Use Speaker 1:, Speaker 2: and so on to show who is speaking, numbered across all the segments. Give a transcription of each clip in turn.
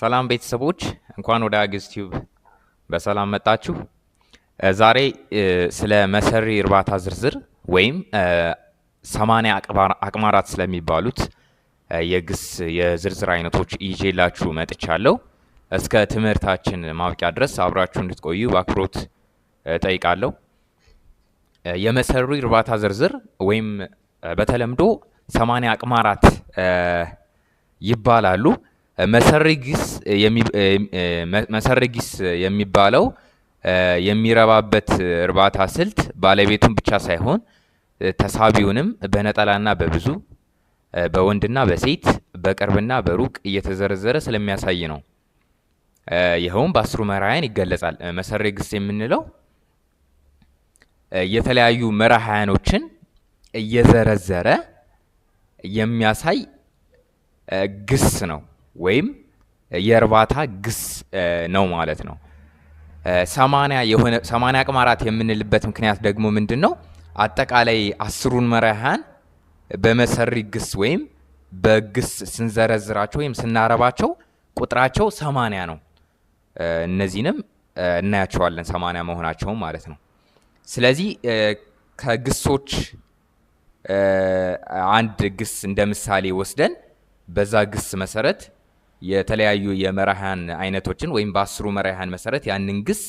Speaker 1: ሰላም ቤተሰቦች እንኳን ወደ አግስት ቲዩብ በሰላም መጣችሁ። ዛሬ ስለ መሰሪ እርባታ ዝርዝር ወይም ሰማንያ አቅማራት ስለሚባሉት የግስ የዝርዝር አይነቶች ይዤላችሁ መጥቻለሁ። እስከ ትምህርታችን ማብቂያ ድረስ አብራችሁ እንድትቆዩ በአክብሮት ጠይቃለሁ። የመሰሪ እርባታ ዝርዝር ወይም በተለምዶ ሰማንያ አቅማራት ይባላሉ። መሰሪ ጊስ የሚባለው የሚረባበት እርባታ ስልት ባለቤቱን ብቻ ሳይሆን ተሳቢውንም በነጠላና በብዙ በወንድና በሴት በቅርብና በሩቅ እየተዘረዘረ ስለሚያሳይ ነው። ይኸውም በአስሩ መርሃያን ይገለጻል። መሰሪ ግስ የምንለው የተለያዩ መርሃያኖችን እየዘረዘረ የሚያሳይ ግስ ነው። ወይም የእርባታ ግስ ነው ማለት ነው። ሰማንያ የሆነ ሰማንያ አቅማራት የምንልበት ምክንያት ደግሞ ምንድን ነው? አጠቃላይ አስሩን መራሕያን በመሰሪ ግስ ወይም በግስ ስንዘረዝራቸው ወይም ስናረባቸው ቁጥራቸው ሰማንያ ነው። እነዚህንም እናያቸዋለን ሰማንያ መሆናቸውን ማለት ነው። ስለዚህ ከግሶች አንድ ግስ እንደ ምሳሌ ወስደን በዛ ግስ መሰረት የተለያዩ የመራህያን አይነቶችን ወይም በአስሩ መራህያን መሰረት ያንን ግስ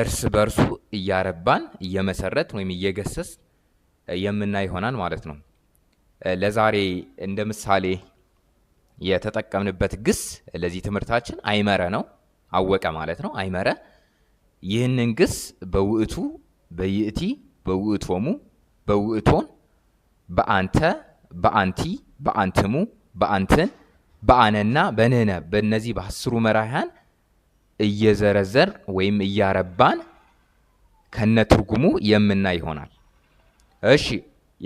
Speaker 1: እርስ በርሱ እያረባን እየመሰረት ወይም እየገሰስ የምና ይሆናል ማለት ነው። ለዛሬ እንደ ምሳሌ የተጠቀምንበት ግስ ለዚህ ትምህርታችን አይመረ ነው። አወቀ ማለት ነው። አይመረ ይህንን ግስ በውእቱ፣ በይእቲ፣ በውእቶሙ፣ በውእቶን፣ በአንተ፣ በአንቲ፣ በአንትሙ፣ በአንትን በአነና በንህነ በእነዚህ በአስሩ መራህያን እየዘረዘር ወይም እያረባን ከነ ትርጉሙ የምናይ ይሆናል። እሺ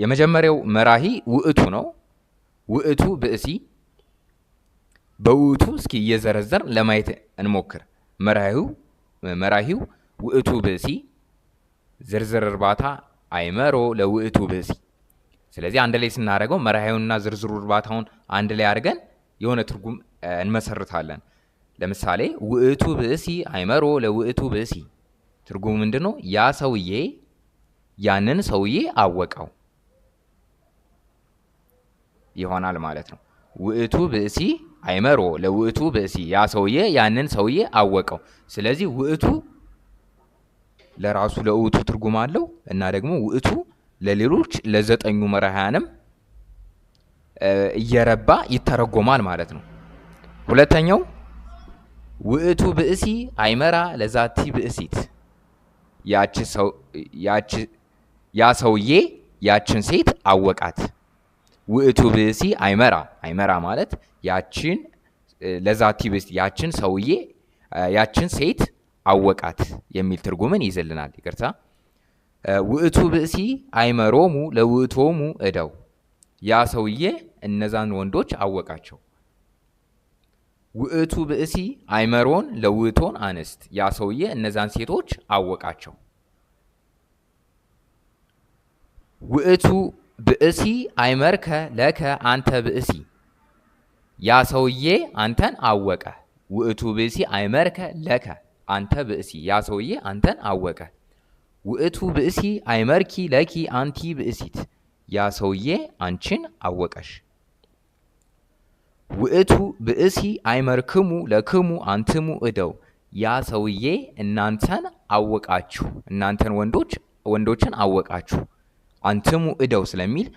Speaker 1: የመጀመሪያው መራሂ ውእቱ ነው። ውእቱ ብእሲ በውእቱ እስኪ እየዘረዘር ለማየት እንሞክር። መራሂው መራሂው ውእቱ ብእሲ ዝርዝር እርባታ አይመሮ ለውእቱ ብእሲ። ስለዚህ አንድ ላይ ስናደርገው መራሂውንና ዝርዝሩ እርባታውን አንድ ላይ አድርገን የሆነ ትርጉም እንመሰርታለን። ለምሳሌ ውእቱ ብእሲ አይመሮ ለውእቱ ብእሲ ትርጉሙ ምንድን ነው? ያ ሰውዬ ያንን ሰውዬ አወቀው ይሆናል ማለት ነው። ውእቱ ብእሲ አይመሮ ለውእቱ ብእሲ ያ ሰውዬ ያንን ሰውዬ አወቀው። ስለዚህ ውእቱ ለራሱ ለውእቱ ትርጉም አለው እና ደግሞ ውእቱ ለሌሎች ለዘጠኙ መራሕያንም እየረባ ይተረጎማል ማለት ነው። ሁለተኛው ውእቱ ብእሲ አይመራ ለዛቲ ብእሲት ያ ሰውዬ ያችን ሴት አወቃት። ውእቱ ብእሲ አይመራ አይመራ ማለት ያችን ለዛቲ ብእሲት ያችን ሰውዬ ያችን ሴት አወቃት የሚል ትርጉምን ይይዝልናል። ይቅርታ ውእቱ ብእሲ አይመሮሙ ለውእቶሙ እደው ያ ሰውዬ እነዛን ወንዶች አወቃቸው። ውእቱ ብእሲ አይመሮን ለውእቶን አንስት። ያ ሰውዬ እነዛን ሴቶች አወቃቸው። ውእቱ ብእሲ አይመርከ ለከ አንተ ብእሲ። ያ ሰውዬ አንተን አወቀ። ውእቱ ብእሲ አይመርከ ለከ አንተ ብእሲ። ያ ሰውዬ አንተን አወቀ። ውእቱ ብእሲ አይመርኪ ለኪ አንቲ ብእሲት። ያ ሰውዬ አንቺን አወቀሽ። ውእቱ ብእሲ አይመርክሙ ለክሙ አንትሙ እደው። ያ ሰውዬ እናንተን አወቃችሁ፣ እናንተን ወንዶች ወንዶችን አወቃችሁ። አንትሙ እደው ስለሚል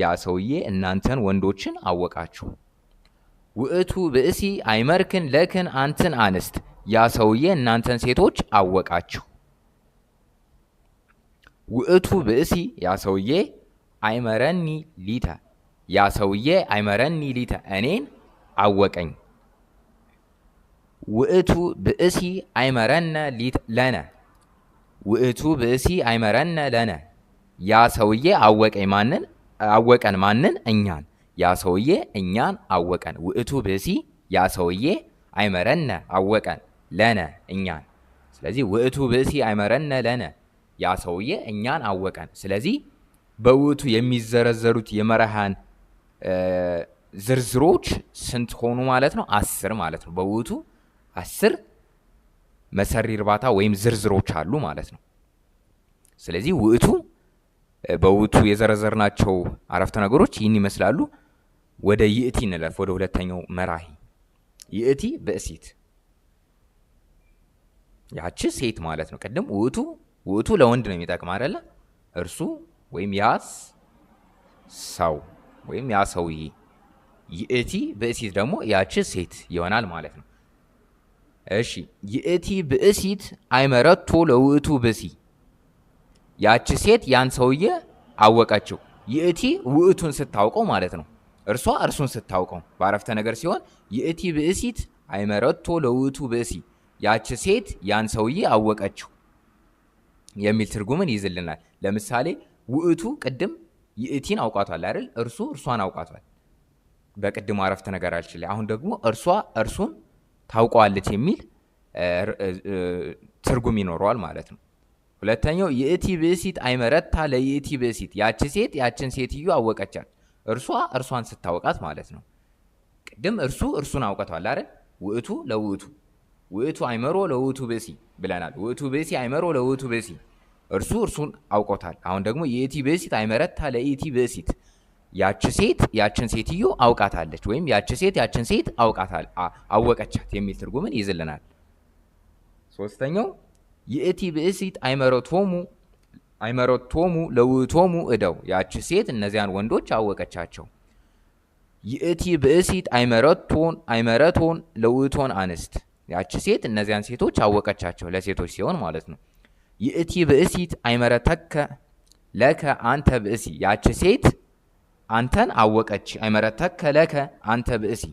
Speaker 1: ያ ሰውዬ እናንተን ወንዶችን አወቃችሁ። ውእቱ ብእሲ አይመርክን ለክን አንትን አንስት። ያ ሰውዬ እናንተን ሴቶች አወቃችሁ። ውእቱ ብእሲ ያ ሰውዬ አይመረኒ ሊተ ያ ሰውዬ አይመረኒ ሊተ እኔን አወቀኝ። ውእቱ ብእሲ አይመረነ ለነ ውእቱ ብእሲ አይመረነ ለነ ያ ሰውዬ አወቀኝ ማንን አወቀን ማንን እኛን ያ ሰውዬ እኛን አወቀን ውእቱ ብእሲ ያ ሰውዬ አይመረነ አወቀን ለነ እኛን ስለዚህ ውእቱ ብእሲ አይመረነ ለነ ያ ሰውዬ እኛን አወቀን ስለዚህ በውእቱ የሚዘረዘሩት የመርሃን ዝርዝሮች ስንት ሆኑ ማለት ነው? አስር ማለት ነው። በውቱ አስር መሰሪ እርባታ ወይም ዝርዝሮች አሉ ማለት ነው። ስለዚህ ውእቱ በውእቱ የዘረዘርናቸው አረፍተ ነገሮች ይህን ይመስላሉ። ወደ ይእቲ እንለፍ። ወደ ሁለተኛው መራሂ ይእቲ ብእሲት ያቺ ሴት ማለት ነው። ቅድም ውእቱ ውእቱ ለወንድ ነው የሚጠቅም አይደለ? እርሱ ወይም ያስ ሰው ወይም ያ ሰውዬ ይእቲ ብእሲት ደግሞ ያቺ ሴት ይሆናል ማለት ነው። እሺ ይእቲ ብእሲት አይመረቶ ለውእቱ ብእሲ፣ ያቺ ሴት ያን ሰውዬ አወቀችው። ይእቲ ውእቱን ስታውቀው ማለት ነው። እርሷ እርሱን ስታውቀው በአረፍተ ነገር ሲሆን ይእቲ ብእሲት አይመረቶ ለውእቱ ብእሲ፣ ያቺ ሴት ያን ሰውዬ አወቀችው የሚል ትርጉምን ይዝልናል ለምሳሌ ውእቱ ቅድም ይእቲን አውቋቷል አይደል? እርሱ እርሷን አውቋቷል። በቅድሙ አረፍተ ነገር አልችል አሁን ደግሞ እርሷ እርሱን ታውቀዋለች የሚል ትርጉም ይኖረዋል ማለት ነው። ሁለተኛው ይእቲ ብእሲት አይመረታ ለይእቲ ብእሲት፣ ያች ሴት ያችን ሴትዮ አወቀቻት። እርሷ እርሷን ስታውቃት ማለት ነው። ቅድም እርሱ እርሱን አውቀቷል አይደል? ውእቱ ለውእቱ ውእቱ አይመሮ ለውእቱ ብእሲ ብለናል። ውእቱ ብእሲ አይመሮ ለውእቱ ብእሲ፣ እርሱ እርሱን አውቆታል። አሁን ደግሞ ይእቲ ብእሲት አይመረታ ለይእቲ ብእሲት ያች ሴት ያችን ሴትዮ አውቃታለች ወይም ያች ሴት ያችን ሴት አውቃታል አወቀቻት የሚል ትርጉምን ይይዝልናል። ሶስተኛው ይእቲ ብእሲት አይመረቶሙ አይመረቶሙ ለውቶሙ እደው ያች ሴት እነዚያን ወንዶች አወቀቻቸው። ይእቲ ብእሲት አይመረቶን አይመረቶን ለውቶን አንስት ያች ሴት እነዚያን ሴቶች አወቀቻቸው ለሴቶች ሲሆን ማለት ነው። ይእቲ ብእሲት አይመረተከ ለከ አንተ ብእሲ ያች ሴት አንተን አወቀች አይመረተክ ለከ አንተ ብእሲ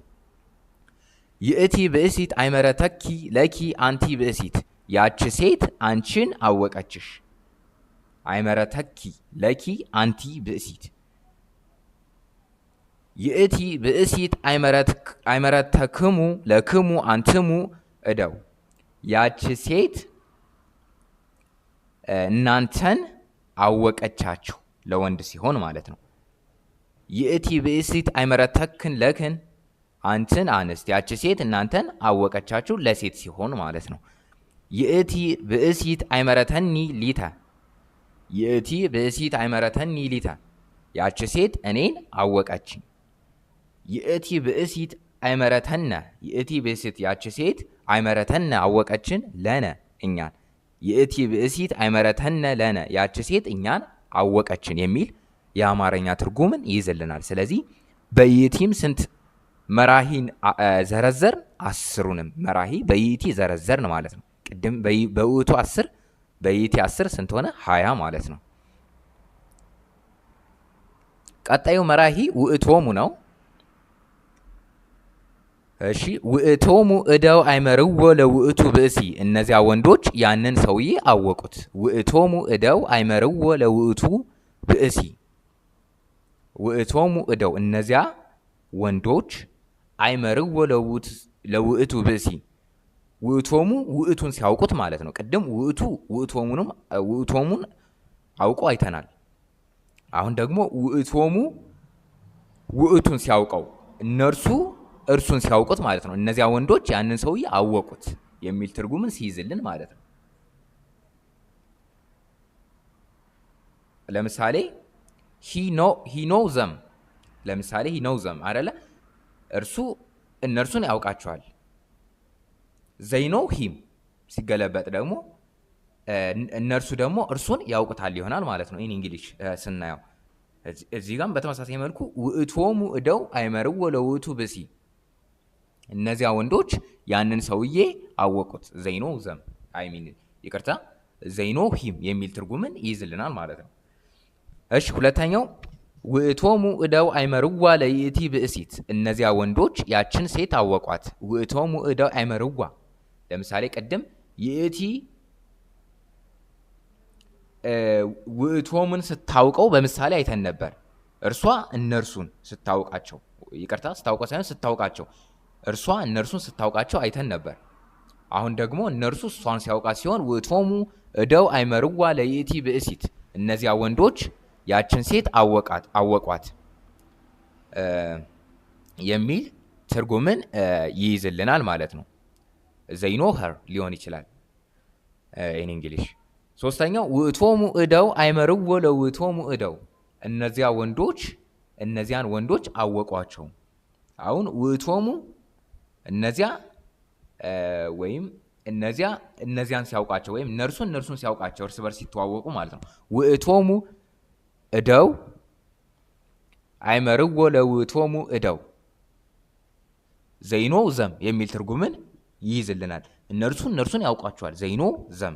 Speaker 1: ይእቲ ብእሲት አይመረተኪ ለኪ አንቲ ብእሲት ያች ሴት አንቺን አወቀችሽ አይመረተኪ ለኪ አንቲ ብእሲት ይእቲ ብእሲት አይመረተክሙ ለክሙ አንትሙ እደው ያች ሴት እናንተን አወቀቻችሁ ለወንድ ሲሆን ማለት ነው። ይእቲ ብእሲት አይመረተክን ለክን አንትን አንስት ያች ሴት እናንተን አወቀቻችሁ ለሴት ሲሆን ማለት ነው። ይእቲ ብእሲት አይመረተኒ ሊተ ይእቲ ብእሲት አይመረተኒ ሊተ ያች ሴት እኔን አወቀችኝ። ይእቲ ብእሲት አይመረተነ ይእቲ ብእሲት ያች ሴት አይመረተነ አወቀችን ለነ እኛን ይእቲ ብእሲት አይመረተነ ለነ ያች ሴት እኛን አወቀችን የሚል የአማርኛ ትርጉምን ይይዝልናል። ስለዚህ በይእቲም ስንት መራሂን ዘረዘርን? አስሩንም መራሂ በይቲ ዘረዘርን ማለት ነው። ቅድም በውቱ አስር በይቲ አስር ስንት ሆነ? ሀያ ማለት ነው። ቀጣዩ መራሂ ውእቶሙ ነው። እሺ ውእቶሙ እደው አይመርዎ ለውእቱ ብእሲ፣ እነዚያ ወንዶች ያንን ሰውዬ አወቁት። ውእቶሙ እደው አይመርዎ ለውእቱ ብእሲ ውእቶሙ እደው እነዚያ ወንዶች አይመርው ወለውት ለውእቱ ብእሲ ውእቶሙ ውእቱን ሲያውቁት ማለት ነው። ቅድም ውእቱ ውእቶሙንም ውእቶሙን አውቀው አይተናል። አሁን ደግሞ ውእቶሙ ውእቱን ሲያውቀው እነርሱ እርሱን ሲያውቁት ማለት ነው። እነዚያ ወንዶች ያንን ሰውዬ አወቁት የሚል ትርጉምን ሲይዝልን ማለት ነው። ለምሳሌ ዘም ለምሳሌ ዘም አደለ እርሱ እነርሱን ያውቃቸዋል። ዘይኖ ሂም ሲገለበጥ ደግሞ እነርሱ ደግሞ እርሱን ያውቁታል ይሆናል ማለት ነው። ኢን እንግሊሽ ስናየው እዚህ ጋም በተመሳሳይ መልኩ ውእቶሙ እደው አይመርው ለውእቱ ብሲ እነዚያ ወንዶች ያንን ሰውዬ አወቁት። ዘይኖ ዘም አይሚን ይቅርታ ዘይኖ ሂም የሚል ትርጉምን ይይዝልናል ማለት ነው። እሺ ሁለተኛው ውእቶሙ እደው አይመርዋ ለይእቲ ብእሲት፣ እነዚያ ወንዶች ያችን ሴት አወቋት። ውእቶሙ እደው አይመርዋ ለምሳሌ ቅድም ይእቲ ውእቶሙን ስታውቀው በምሳሌ አይተን ነበር። እርሷ እነርሱን ስታውቃቸው፣ ይቅርታ ስታውቀው ሳይሆን ስታውቃቸው፣ እርሷ እነርሱን ስታውቃቸው አይተን ነበር። አሁን ደግሞ እነርሱ እሷን ሲያውቃት ሲሆን ውእቶሙ እደው አይመርዋ ለይእቲ ብእሲት፣ እነዚያ ወንዶች ያችን ሴት አወቃት አወቋት የሚል ትርጉምን ይይዝልናል ማለት ነው። ዘይኖ ኸር ሊሆን ይችላል ኢን እንግሊሽ። ሶስተኛው ውእቶሙ እደው አይመርዎ ለውእቶሙ እደው፣ እነዚያ ወንዶች እነዚያን ወንዶች አወቋቸው። አሁን ውእቶሙ እነዚያ ወይም እነዚያ እነዚያን ሲያውቃቸው ወይም እነርሱን እነርሱን ሲያውቃቸው እርስ በርስ ሲተዋወቁ ማለት ነው። ውእቶሙ እደው አይመርዎ ለውእቶሙ እደው ዘይኖ ዘም የሚል ትርጉምን ይይዝልናል። እነርሱ እነርሱን ያውቋቸዋል። ዘይኖ ዘም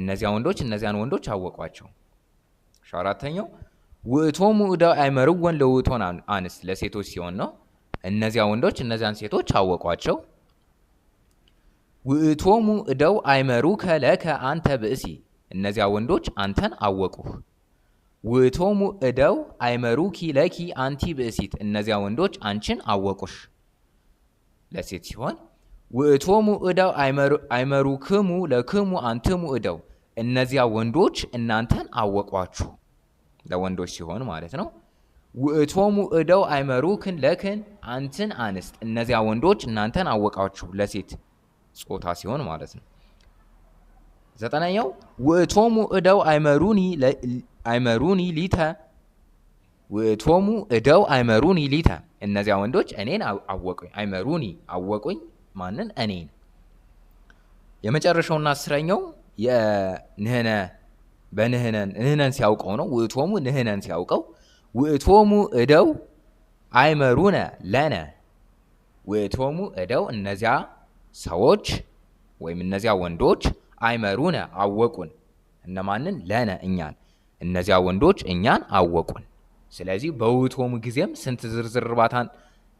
Speaker 1: እነዚያ ወንዶች እነዚያን ወንዶች አወቋቸው። አራተኛው ውእቶሙ እደው አይመርወን ለውእቶን አንስት ለሴቶች ሲሆን ነው። እነዚያ ወንዶች እነዚያን ሴቶች አወቋቸው። ውእቶሙ እደው አይመሩ ከለከ አንተ ብእሲ እነዚያ ወንዶች አንተን አወቁህ። ውቶሙ እደው አይመሩኪ ለኪ አንቲ ብእሲት፣ እነዚያ ወንዶች አንቺን አወቁሽ። ለሴት ሲሆን ውእቶሙ እደው ክሙ ለክሙ አንትሙ እደው፣ እነዚያ ወንዶች እናንተን አወቋችሁ። ለወንዶች ሲሆን ማለት ነው። ውእቶሙ እደው አይመሩክን ለክን አንትን አንስት፣ እነዚያ ወንዶች እናንተን አወቃችሁ። ለሴት ጾታ ሲሆን ማለት ነው። ዘጠነኛው ውእቶሙ እደው አይመሩኒ አይመሩኒ ሊተ ውእቶሙ እደው አይመሩኒ ሊተ እነዚያ ወንዶች እኔን አወቁኝ። አይመሩኒ አወቁኝ ማንን? እኔን። የመጨረሻውና አስረኛው የንህነ በንህነን ንህነን ሲያውቀው ነው። ውእቶሙ ንህነን ሲያውቀው ውእቶሙ እደው አይመሩነ ለነ ውእቶሙ እደው እነዚያ ሰዎች ወይም እነዚያ ወንዶች አይመሩነ አወቁን። እነማንን ለነ እኛን። እነዚያ ወንዶች እኛን አወቁን። ስለዚህ በውቶም ጊዜም ስንት ዝርዝር እርባታን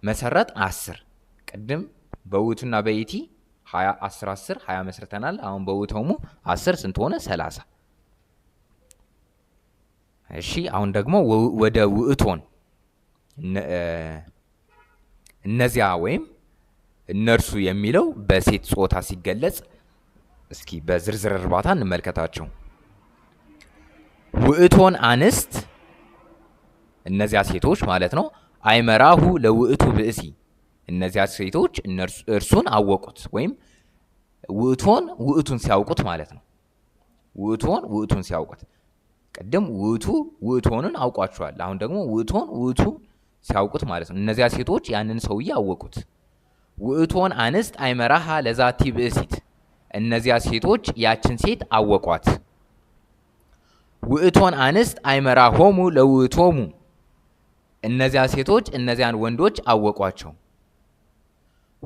Speaker 1: መሰረት አስር ቅድም በውቱና በይቲ አስር አስር ሀያ መስርተናል። አሁን በውቶሙ አስር ስንት ሆነ? ሰላሳ እሺ አሁን ደግሞ ወደ ውእቶን እነዚያ ወይም እነርሱ የሚለው በሴት ጾታ ሲገለጽ እስኪ በዝርዝር እርባታ እንመልከታቸው። ውእቶን አንስት እነዚያ ሴቶች ማለት ነው። አይመራሁ ለውእቱ ብእሲ እነዚያ ሴቶች እርሱን አወቁት ወይም ውእቶን ውእቱን ሲያውቁት ማለት ነው። ውእቶን ውእቱን ሲያውቁት ቅድም ውእቱ ውእቶንን አውቋቸዋል። አሁን ደግሞ ውእቶን ውእቱ ሲያውቁት ማለት ነው። እነዚያ ሴቶች ያንን ሰውዬ አወቁት። ውእቶን አንስት አይመራሃ ለዛቲ ብእሲት እነዚያ ሴቶች ያችን ሴት አወቋት። ውእቶን አንስት አይመራ ሆሙ ለውእቶሙ እነዚያ ሴቶች እነዚያን ወንዶች አወቋቸው።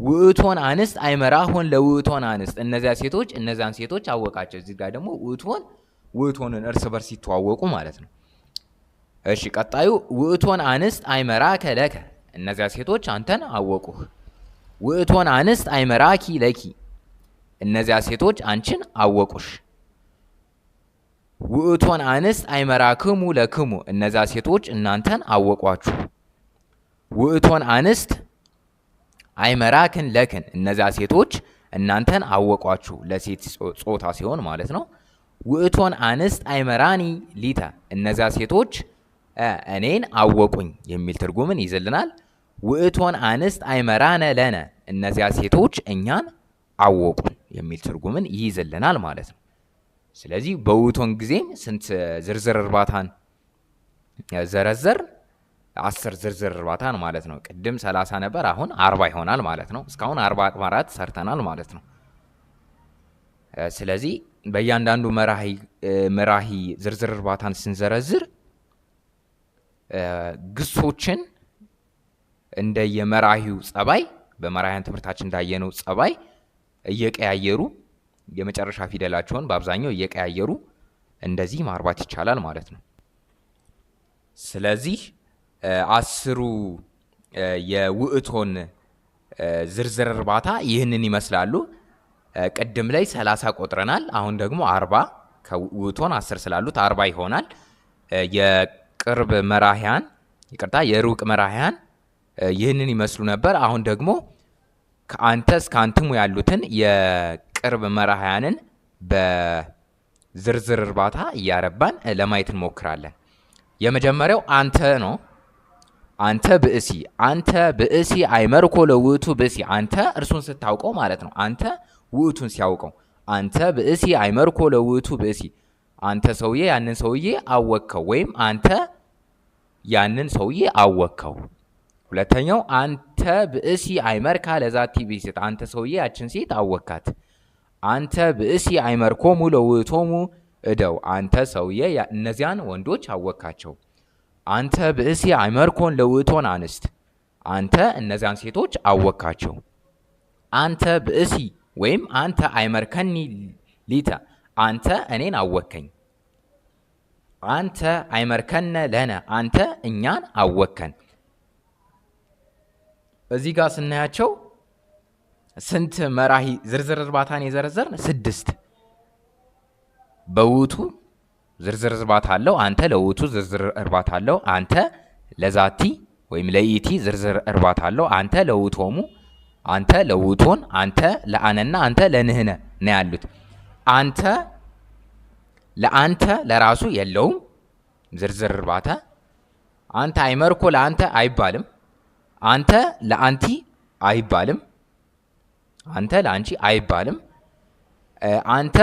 Speaker 1: ውእቶን አንስት አይመራ ሆን ለውእቶን አንስት እነዚያ ሴቶች እነዚያን ሴቶች አወቃቸው። እዚህ ጋር ደግሞ ውእቶን ውእቶንን እርስ በርስ ሲተዋወቁ ማለት ነው። እሺ ቀጣዩ ውእቶን አንስት አይመራ ከለከ እነዚያ ሴቶች አንተን አወቁህ። ውእቶን አንስት አይመራኪ ለኪ እነዚያ ሴቶች አንቺን አወቁሽ። ውእቶን አንስት አይመራክሙ ለክሙ፣ እነዚያ ሴቶች እናንተን አወቋችሁ። ውእቶን አንስት አይመራክን ለክን፣ እነዚያ ሴቶች እናንተን አወቋችሁ። ለሴት ጾታ ሲሆን ማለት ነው። ውእቶን አንስት አይመራኒ ሊተ፣ እነዚያ ሴቶች እኔን አወቁኝ የሚል ትርጉምን ይዝልናል። ውእቶን አንስት አይመራነ ለነ፣ እነዚያ ሴቶች እኛን አወቁ። የሚል ትርጉምን ይይዝልናል ማለት ነው። ስለዚህ በውቶን ጊዜም ስንት ዝርዝር እርባታን ዘረዘር አስር ዝርዝር እርባታን ማለት ነው። ቅድም ሰላሳ ነበር፣ አሁን አርባ ይሆናል ማለት ነው። እስካሁን አርባ አቅማራት ሰርተናል ማለት ነው። ስለዚህ በእያንዳንዱ መራሂ ዝርዝር እርባታን ስንዘረዝር ግሶችን እንደየመራሂው ጸባይ፣ በመራሂያን ትምህርታችን እንዳየነው ጸባይ እየቀያየሩ የመጨረሻ ፊደላቸውን በአብዛኛው እየቀያየሩ እንደዚህ ማርባት ይቻላል ማለት ነው። ስለዚህ አስሩ የውእቶን ዝርዝር እርባታ ይህንን ይመስላሉ። ቅድም ላይ ሰላሳ ቆጥረናል። አሁን ደግሞ አርባ ከውእቶን አስር ስላሉት አርባ ይሆናል። የቅርብ መራህያን ይቅርታ፣ የሩቅ መራህያን ይህንን ይመስሉ ነበር። አሁን ደግሞ ከአንተ እስከ አንትሙ ያሉትን የቅርብ መራሕያንን በዝርዝር እርባታ እያረባን ለማየት እንሞክራለን። የመጀመሪያው አንተ ነው። አንተ ብእሲ አንተ ብእሲ አይመርኮ ለውእቱ ብእሲ አንተ እርሱን ስታውቀው ማለት ነው። አንተ ውእቱን ሲያውቀው አንተ ብእሲ አይመርኮ ለውእቱ ብእሲ አንተ ሰውዬ ያንን ሰውዬ አወቅከው፣ ወይም አንተ ያንን ሰውዬ አወቅከው ሁለተኛው አንተ ብእሲ አይመርካ ለዛቲ ብእሲት፣ አንተ ሰውዬ ያችን ሴት አወካት። አንተ ብእሲ አይመርኮሙ ለውእቶሙ እደው፣ አንተ ሰውዬ እነዚያን ወንዶች አወካቸው። አንተ ብእሲ አይመርኮን ለውእቶን አንስት፣ አንተ እነዚያን ሴቶች አወካቸው። አንተ ብእሲ ወይም አንተ አይመርከኒ ሊተ፣ አንተ እኔን አወከኝ። አንተ አይመርከነ ለነ፣ አንተ እኛን አወከን። እዚህ ጋር ስናያቸው ስንት መራሂ ዝርዝር እርባታን የዘረዘርን ስድስት በውቱ ዝርዝር እርባታ አለው። አንተ ለውቱ ዝርዝር እርባታ አለው። አንተ ለዛቲ ወይም ለኢቲ ዝርዝር እርባታ አለው። አንተ ለውቶሙ፣ አንተ ለውቶን፣ አንተ ለአነና አንተ ለንህነ ነው ያሉት። አንተ ለአንተ ለራሱ የለውም ዝርዝር እርባታ። አንተ አይመርኮ ለአንተ አይባልም። አንተ ለአንቲ አይባልም። አንተ ለአንቺ አይባልም። አንተ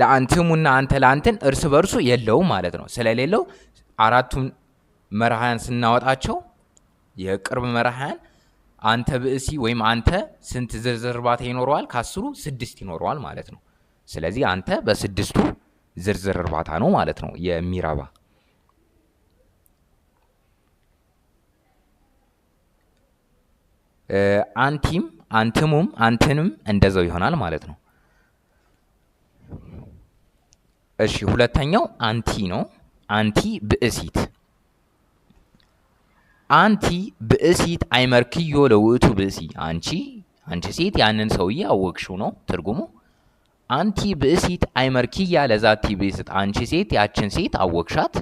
Speaker 1: ለአንትሙና አንተ ለአንትን እርስ በርሱ የለውም ማለት ነው። ስለሌለው አራቱን መርሃያን ስናወጣቸው የቅርብ መርሃያን አንተ ብእሲ ወይም አንተ ስንት ዝርዝር እርባታ ይኖረዋል? ከአስሩ ስድስት ይኖረዋል ማለት ነው። ስለዚህ አንተ በስድስቱ ዝርዝር እርባታ ነው ማለት ነው የሚረባ አንቲም አንትሙም አንትንም እንደዛው ይሆናል ማለት ነው። እሺ ሁለተኛው አንቲ ነው። አንቲ ብእሲት አንቲ ብእሲት አይመርክዮ ለውእቱ ብእሲ። አንቺ አንቺ ሴት ያንን ሰውዬ አወቅሽው ነው ትርጉሙ። አንቲ ብእሲት አይመርክያ ለዛቲ ብእሲት። አንቺ ሴት ያችን ሴት አወቅሻት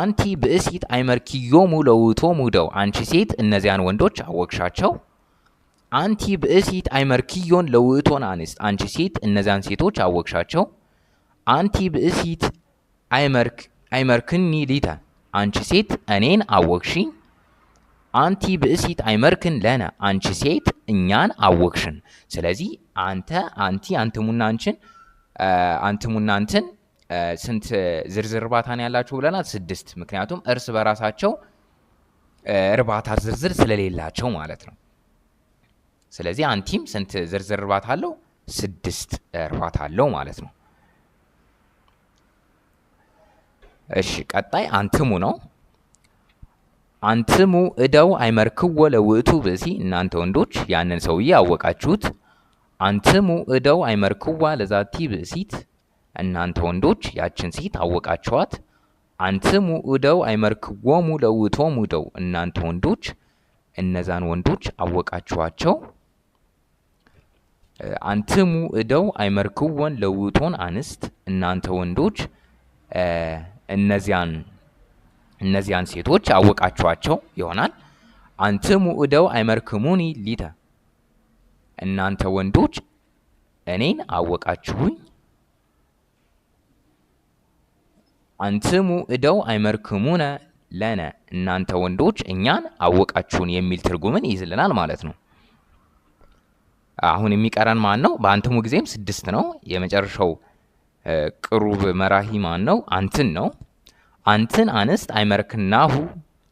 Speaker 1: አንቲ ብእሲት አይመርኪዮሙ ለውቶሙ እደው፣ አንቺ ሴት እነዚያን ወንዶች አወቅሻቸው። አንቲ ብእሲት አይመርኪዮን ለውቶን አንስት፣ አንቺ ሴት እነዚያን ሴቶች አወቅሻቸው። አንቲ ብእሲት አይመርክኒ ሊተ፣ አንቺ ሴት እኔን አወቅሽኝ። አንቲ ብእሲት አይመርክን ለነ፣ አንቺ ሴት እኛን አወቅሽን። ስለዚህ አንተ፣ አንቲ፣ አንትሙና አንቺን፣ አንትሙና አንትን ስንት ዝርዝር እርባታ ነው ያላቸው ብለናል? ስድስት። ምክንያቱም እርስ በራሳቸው እርባታ ዝርዝር ስለሌላቸው ማለት ነው። ስለዚህ አንቲም ስንት ዝርዝር እርባታ አለው? ስድስት እርባታ አለው ማለት ነው። እሺ ቀጣይ አንትሙ ነው። አንትሙ እደው አይመርክዎ ለውእቱ ብእሲ፣ እናንተ ወንዶች ያንን ሰውዬ አወቃችሁት። አንትሙ እደው አይመርክዋ ለዛቲ ብእሲት እናንተ ወንዶች ያችን ሴት አወቃችኋት? አንትሙ እደው አይመርክዎሙ ለውቶ እደው። እናንተ ወንዶች እነዛን ወንዶች አወቃችኋቸው? አንትሙ እደው አይመርክወን ለውቶን አንስት። እናንተ ወንዶች እነዚያን እነዚያን ሴቶች አወቃችኋቸው ይሆናል። አንትሙ እደው አይመርክሙኒ ሊተ። እናንተ ወንዶች እኔን አወቃችሁኝ አንትሙ እደው አይመርክሙነ ለነ እናንተ ወንዶች እኛን አወቃችሁን የሚል ትርጉምን ይይዝልናል ማለት ነው። አሁን የሚቀረን ማን ነው? በአንትሙ ጊዜም ስድስት ነው። የመጨረሻው ቅሩብ መራሂ ማን ነው? አንትን ነው። አንትን አንስት አይመርክናሁ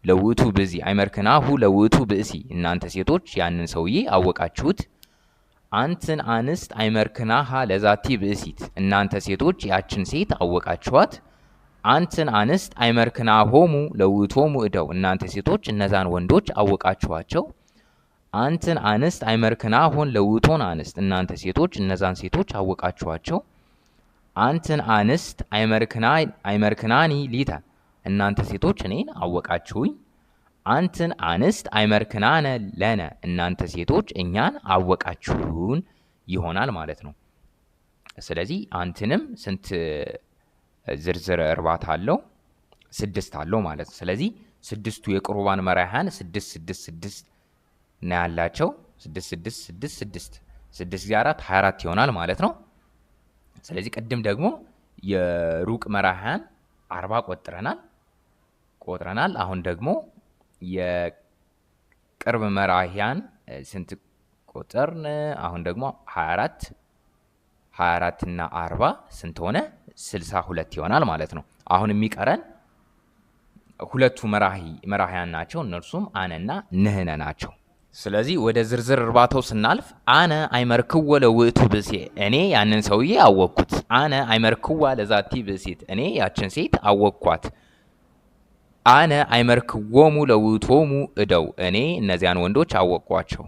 Speaker 1: ለውቱ ብእሲ አይመርክናሁ ለውቱ ብእሲ እናንተ ሴቶች ያንን ሰውዬ አወቃችሁት። አንትን አንስት አይመርክናሃ ለዛቲ ብእሲት እናንተ ሴቶች ያችን ሴት አወቃችኋት። አንትን አንስት ሆሙ ለውቶሙ እደው እናንተ ሴቶች እነዛን ወንዶች አወቃችኋቸው። አንትን አንስት አይመርክናሆን ለውቶን አንስት እናንተ ሴቶች እነዛን ሴቶች አወቃችኋቸው። አንትን አንስት አይመርክናኒ ሊተ እናንተ ሴቶች እኔን አወቃችሁኝ። አንትን አንስት አይመርክናነ ለነ እናንተ ሴቶች እኛን አወቃችሁን ይሆናል ማለት ነው። ስለዚህ አንትንም ስንት ዝርዝር እርባታ አለው ስድስት አለው ማለት ነው። ስለዚህ ስድስቱ የቁርባን መራሕያን ስድስት ስድስት ስድስት ነው ያላቸው። ስድስት ስድስት ስድስት ስድስት ስድስት ጊዜ አራት ሀያ አራት ይሆናል ማለት ነው። ስለዚህ ቅድም ደግሞ የሩቅ መራሕያን አርባ ቆጥረናል ቆጥረናል። አሁን ደግሞ የቅርብ መራሕያን ስንት ቆጠርን? አሁን ደግሞ ሀያ አራት ሀያ አራት እና አርባ ስንት ሆነ? 62 ይሆናል ማለት ነው። አሁን የሚቀረን ሁለቱ መራሂ መራሂያን ናቸው። እነርሱም አነና ንህነ ናቸው። ስለዚህ ወደ ዝርዝር እርባታው ስናልፍ አነ አይመርክወ ለውእቱ ብእሴ፣ እኔ ያንን ሰውዬ አወቅኩት። አነ አይመርክዋ ለዛቲ ብእሴት፣ እኔ ያችን ሴት አወቅኳት። አነ አይመርክዎሙ ለውእቶሙ እደው፣ እኔ እነዚያን ወንዶች አወቅኳቸው።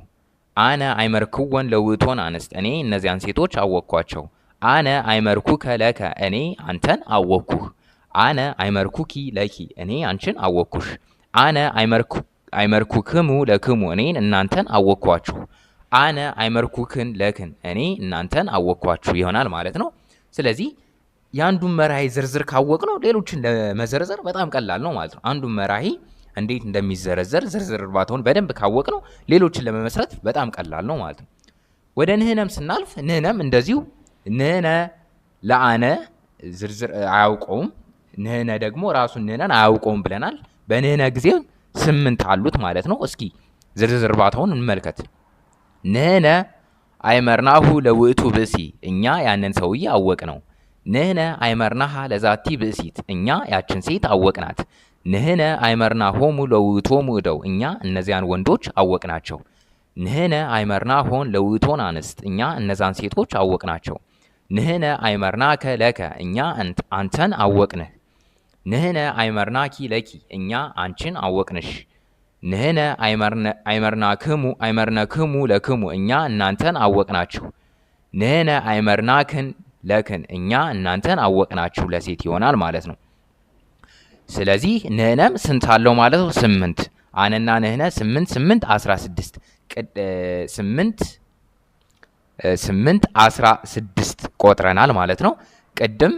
Speaker 1: አነ አይመርክወን ለውእቶን አንስት፣ እኔ እነዚያን ሴቶች አወቅኳቸው። አነ አይመርኩከ ለከ እኔ አንተን አወኩህ። አነ አይመርኩኪ ለኪ እኔ አንቺን አወኩሽ። አነ አይመርኩክሙ ለክሙ እኔን እናንተን አወኳችሁ። አነ አይመርኩክን ለክን እኔ እናንተን አወኳችሁ ይሆናል ማለት ነው። ስለዚህ የአንዱን መራሂ ዝርዝር ካወቅ ነው ሌሎችን ለመዘርዘር በጣም ቀላል ነው ማለት ነው። አንዱን መራሂ እንዴት እንደሚዘረዘር ዝርዝር እርባታውን በደንብ ካወቅ ነው ሌሎችን ለመመስረት በጣም ቀላል ነው ማለት ነው። ወደ ንህነም ስናልፍ ንህነም እንደዚሁ ንህነ ለአነ ዝርዝር አያውቀውም። ንህነ ደግሞ ራሱን ንህነን አያውቀውም ብለናል። በንህነ ጊዜ ስምንት አሉት ማለት ነው። እስኪ ዝርዝር እርባታውን እንመልከት። ንህነ አይመርናሁ ለውእቱ ብእሲ እኛ ያንን ሰውዬ አወቅ ነው። ንህነ አይመርናሃ ለዛቲ ብእሲት እኛ ያችን ሴት አወቅናት። ንህነ አይመርናሆሙ ለውእቶሙ እደው እኛ እነዚያን ወንዶች አወቅናቸው። ንህነ አይመርናሆን ለውእቶን አንስት እኛ እነዛን ሴቶች አወቅናቸው። ንህነ አይመርናከ ለከ እኛ አንተን አወቅንህ። ንህነ አይመርናኪ ለኪ እኛ አንቺን አወቅንሽ። ንህነ አይመርናክሙ አይመርነክሙ ለክሙ እኛ እናንተን አወቅናችሁ። ንህነ አይመርናክን ለክን እኛ እናንተን አወቅናችሁ ለሴት ይሆናል ማለት ነው። ስለዚህ ንህነም ስንት አለው ማለት ነው? ስምንት አነና ንህነ ስምንት ስምንት አስራ ስድስት ስምንት ስምንት አስራ ስድስት ቆጥረናል ማለት ነው። ቅድም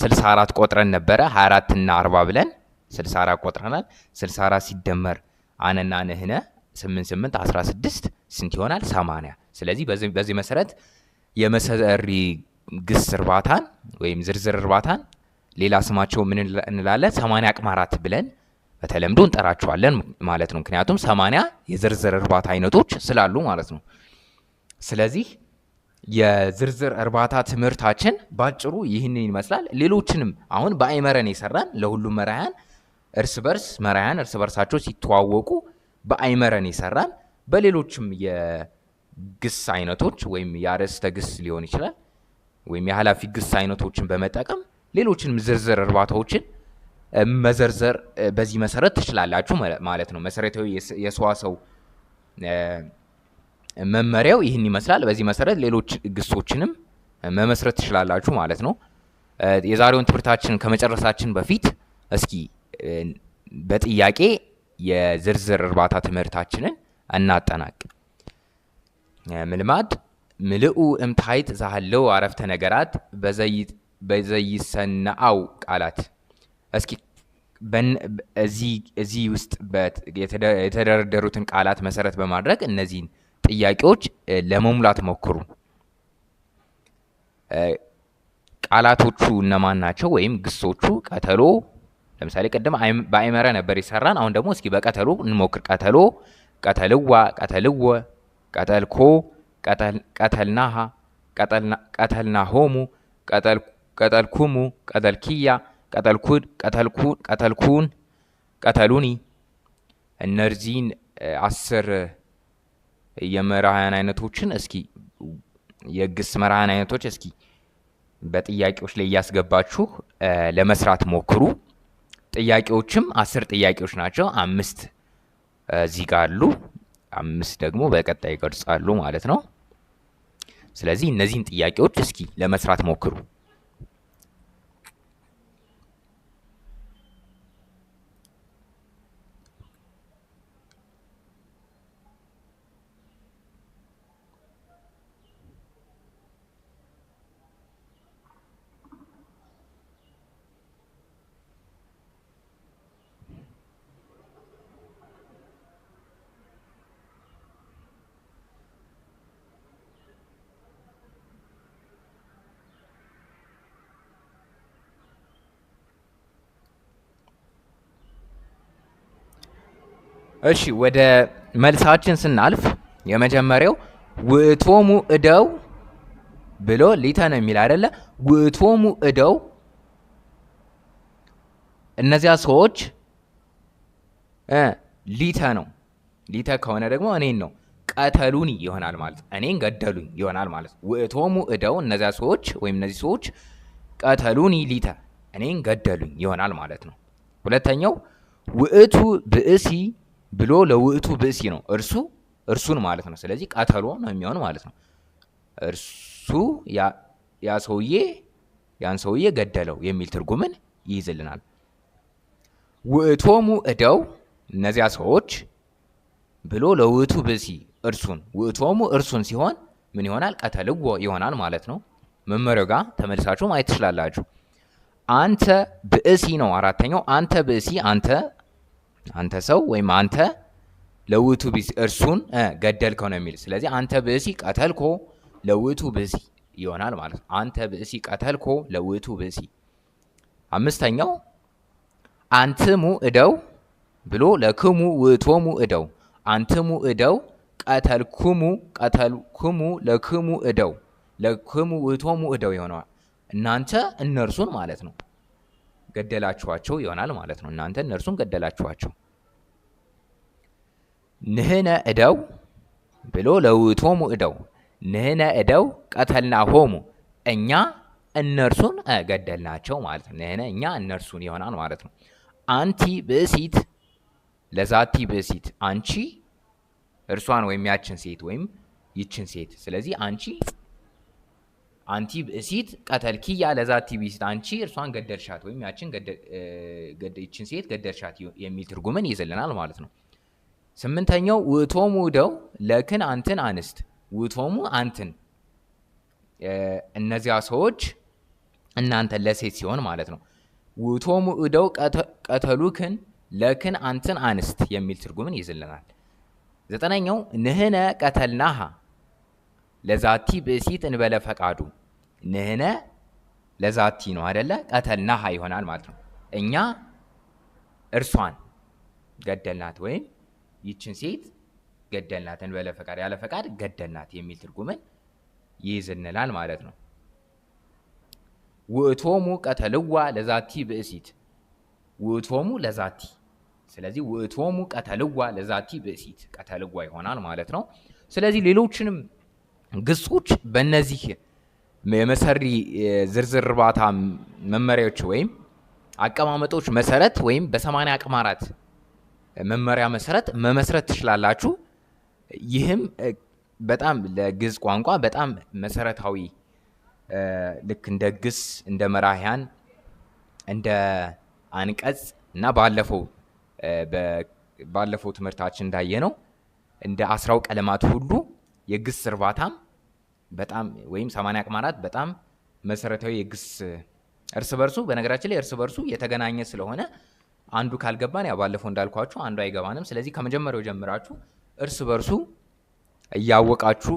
Speaker 1: 64 ቆጥረን ነበረ 24 እና 40 ብለን 64 ቆጥረናል። 64 ሲደመር አነና ንህነ 8 8 16 ስንት ይሆናል? 80። ስለዚህ በዚህ መሰረት የመሰሪ ግስ እርባታን ወይም ዝርዝር እርባታን ሌላ ስማቸው ምን እንላለን? 80 አቅማራት ብለን በተለምዶ እንጠራቸዋለን ማለት ነው። ምክንያቱም 80 የዝርዝር እርባታ አይነቶች ስላሉ ማለት ነው። ስለዚህ የዝርዝር እርባታ ትምህርታችን ባጭሩ ይህንን ይመስላል። ሌሎችንም አሁን በአይመረን የሰራን ለሁሉም መራያን እርስ በርስ መራያን እርስ በርሳቸው ሲተዋወቁ በአይመረን የሰራን በሌሎችም የግስ አይነቶች ወይም የአርዕስተ ግስ ሊሆን ይችላል ወይም የኃላፊ ግስ አይነቶችን በመጠቀም ሌሎችንም ዝርዝር እርባታዎችን መዘርዘር በዚህ መሰረት ትችላላችሁ ማለት ነው። መሰረታዊ የሰዋሰው መመሪያው ይህን ይመስላል። በዚህ መሰረት ሌሎች ግሶችንም መመስረት ትችላላችሁ ማለት ነው። የዛሬውን ትምህርታችን ከመጨረሳችን በፊት እስኪ በጥያቄ የዝርዝር እርባታ ትምህርታችንን እናጠናቅ። ምልማድ ምልኡ እምታይት ዛሃለው አረፍተ ነገራት በዘይሰናአው ቃላት። እስኪ እዚህ ውስጥ የተደረደሩትን ቃላት መሰረት በማድረግ እነዚህን ጥያቄዎች ለመሙላት ሞክሩ። ቃላቶቹ እነማን ናቸው? ወይም ግሶቹ ቀተሎ። ለምሳሌ ቅድም በአይመረ ነበር የሰራን። አሁን ደግሞ እስኪ በቀተሎ እንሞክር። ቀተሎ፣ ቀተልዋ፣ ቀተልወ፣ ቀተልኮ፣ ቀተልናሃ፣ ቀተልናሆሙ፣ ቀተልኩሙ፣ ቀተልኪያ፣ ቀተልኩድ፣ ቀተልኩን፣ ቀተሉኒ እነዚህን አስር የመርሃን አይነቶችን እስኪ የግስ መርሃን አይነቶች እስኪ በጥያቄዎች ላይ እያስገባችሁ ለመስራት ሞክሩ። ጥያቄዎችም አስር ጥያቄዎች ናቸው። አምስት እዚህ ጋር አሉ፣ አምስት ደግሞ በቀጣይ ይቀርጻሉ ማለት ነው። ስለዚህ እነዚህን ጥያቄዎች እስኪ ለመስራት ሞክሩ። እሺ ወደ መልሳችን ስናልፍ የመጀመሪያው ውእቶሙ እደው ብሎ ሊተ ነው የሚል አይደለ? ውእቶሙ እደው እነዚያ ሰዎች ሊተ ነው። ሊተ ከሆነ ደግሞ እኔን ነው ቀተሉን ይሆናል ማለት እኔን ገደሉኝ ይሆናል ማለት። ውእቶሙ እደው እነዚያ ሰዎች ወይም እነዚህ ሰዎች ቀተሉኒ ሊተ እኔን ገደሉኝ ይሆናል ማለት ነው። ሁለተኛው ውእቱ ብእሲ ብሎ ለውእቱ ብእሲ ነው እርሱ እርሱን ማለት ነው። ስለዚህ ቀተሎ ነው የሚሆን ማለት ነው። እርሱ ያ ሰውዬ ያን ሰውዬ ገደለው የሚል ትርጉምን ይይዝልናል። ውእቶሙ እደው እነዚያ ሰዎች ብሎ ለውእቱ ብእሲ እርሱን ውእቶሙ እርሱን ሲሆን ምን ይሆናል? ቀተልዎ ይሆናል ማለት ነው። መመሪያው ጋ ተመልሳችሁ ማየት ትችላላችሁ። አንተ ብእሲ ነው አራተኛው። አንተ ብእሲ አንተ አንተ ሰው ወይም አንተ ለውቱ ቢስ እርሱን ገደልከው ነው የሚል። ስለዚህ አንተ ብእሲ ቀተልኮ ለውቱ ብእሲ ይሆናል ማለት ነው። አንተ ብእሲ ቀተልኮ ለውቱ ብእሲ። አምስተኛው አንትሙ እደው ብሎ ለክሙ ውእቶሙ እደው አንትሙ እደው ቀተልኩሙ ቀተልኩሙ ለክሙ እደው ለክሙ ውእቶሙ እደው ይሆነዋል። እናንተ እነርሱን ማለት ነው ገደላችኋቸው ይሆናል ማለት ነው። እናንተ እነርሱን ገደላችኋቸው። ንህነ እደው ብሎ ለውቶሙ እደው ንህነ እደው ቀተልና ሆሙ እኛ እነርሱን ገደልናቸው ማለት ነው። ንህነ እኛ እነርሱን ይሆናል ማለት ነው። አንቲ ብእሲት ለዛቲ ብእሲት አንቺ እርሷን ወይም ያችን ሴት ወይም ይችን ሴት ስለዚህ አንቺ አንቲ ብእሲት ቀተልኪያ ለዛቲ ቢሲት፣ አንቺ እርሷን ገደልሻት ወይም ያችን ገደችን ሴት ገደልሻት የሚል ትርጉምን ይዝልናል ማለት ነው። ስምንተኛው ውቶሙ ደው ለክን አንትን አንስት፣ ውቶሙ አንትን እነዚያ ሰዎች እናንተ ለሴት ሲሆን ማለት ነው። ውእቶሙ እደው ክን ለክን አንትን አንስት የሚል ትርጉምን ይዝልናል። ዘጠነኛው ንህነ ቀተልናሃ ለዛቲ ብእሲት እንበለ ፈቃዱ ንህነ ለዛቲ ነው አደለ? ቀተልናሃ ይሆናል ማለት ነው። እኛ እርሷን ገደልናት ወይም ይችን ሴት ገደልናት፣ እንበለ ፈቃድ ያለ ፈቃድ ገደልናት የሚል ትርጉምን ይይዝ እንላል ማለት ነው። ውእቶሙ ቀተልዋ ለዛቲ ብእሲት ውእቶሙ ለዛቲ ስለዚህ ውእቶሙ ቀተልዋ ለዛቲ ብእሲት ቀተልዋ ይሆናል ማለት ነው። ስለዚህ ሌሎችንም ግሶች በእነዚህ የመሰሪ ዝርዝር እርባታ መመሪያዎች ወይም አቀማመጦች መሰረት ወይም በሰማንያ አቅማራት መመሪያ መሰረት መመስረት ትችላላችሁ። ይህም በጣም ለግዕዝ ቋንቋ በጣም መሰረታዊ ልክ እንደ ግስ እንደ መራህያን እንደ አንቀጽ እና ባለፈው ባለፈው ትምህርታችን እንዳየ ነው እንደ አስራው ቀለማት ሁሉ የግስ እርባታም በጣም ወይም 80 አቅማራት በጣም መሰረታዊ የግስ እርስ በርሱ በነገራችን ላይ እርስ በርሱ የተገናኘ ስለሆነ አንዱ ካልገባን ያው ባለፈው እንዳልኳችሁ አንዱ አይገባንም። ስለዚህ ከመጀመሪያው ጀምራችሁ እርስ በርሱ እያወቃችሁ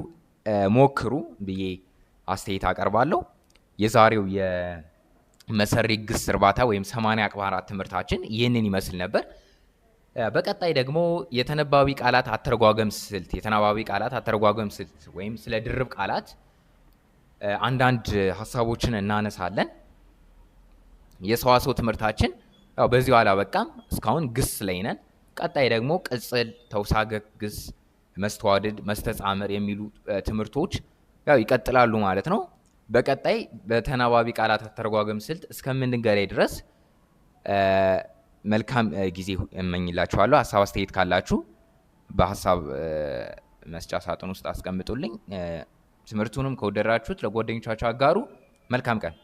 Speaker 1: ሞክሩ ብዬ አስተያየት አቀርባለሁ። የዛሬው የመሰሪ ግስ እርባታ ወይም 80 አቅማራት ትምህርታችን ይህንን ይመስል ነበር። በቀጣይ ደግሞ የተነባቢ ቃላት አተረጓገም ስልት የተነባቢ ቃላት አተረጓጎም ስልት ወይም ስለ ድርብ ቃላት አንዳንድ ሀሳቦችን እናነሳለን። የሰዋሰው ትምህርታችን ያው በዚሁ አላበቃም። እስካሁን ግስ ላይ ነን። ቀጣይ ደግሞ ቅጽል፣ ተውሳከ ግስ፣ መስተዋድድ፣ መስተጻምር የሚሉ ትምህርቶች ያው ይቀጥላሉ ማለት ነው። በቀጣይ በተናባቢ ቃላት አተረጓጎም ስልት እስከምንገናኝ ድረስ መልካም ጊዜ እመኝላችኋለሁ። ሀሳብ አስተያየት ካላችሁ በሀሳብ መስጫ ሳጥን ውስጥ አስቀምጡልኝ። ትምህርቱንም ከወደዳችሁት ለጓደኞቻችሁ አጋሩ። መልካም ቀን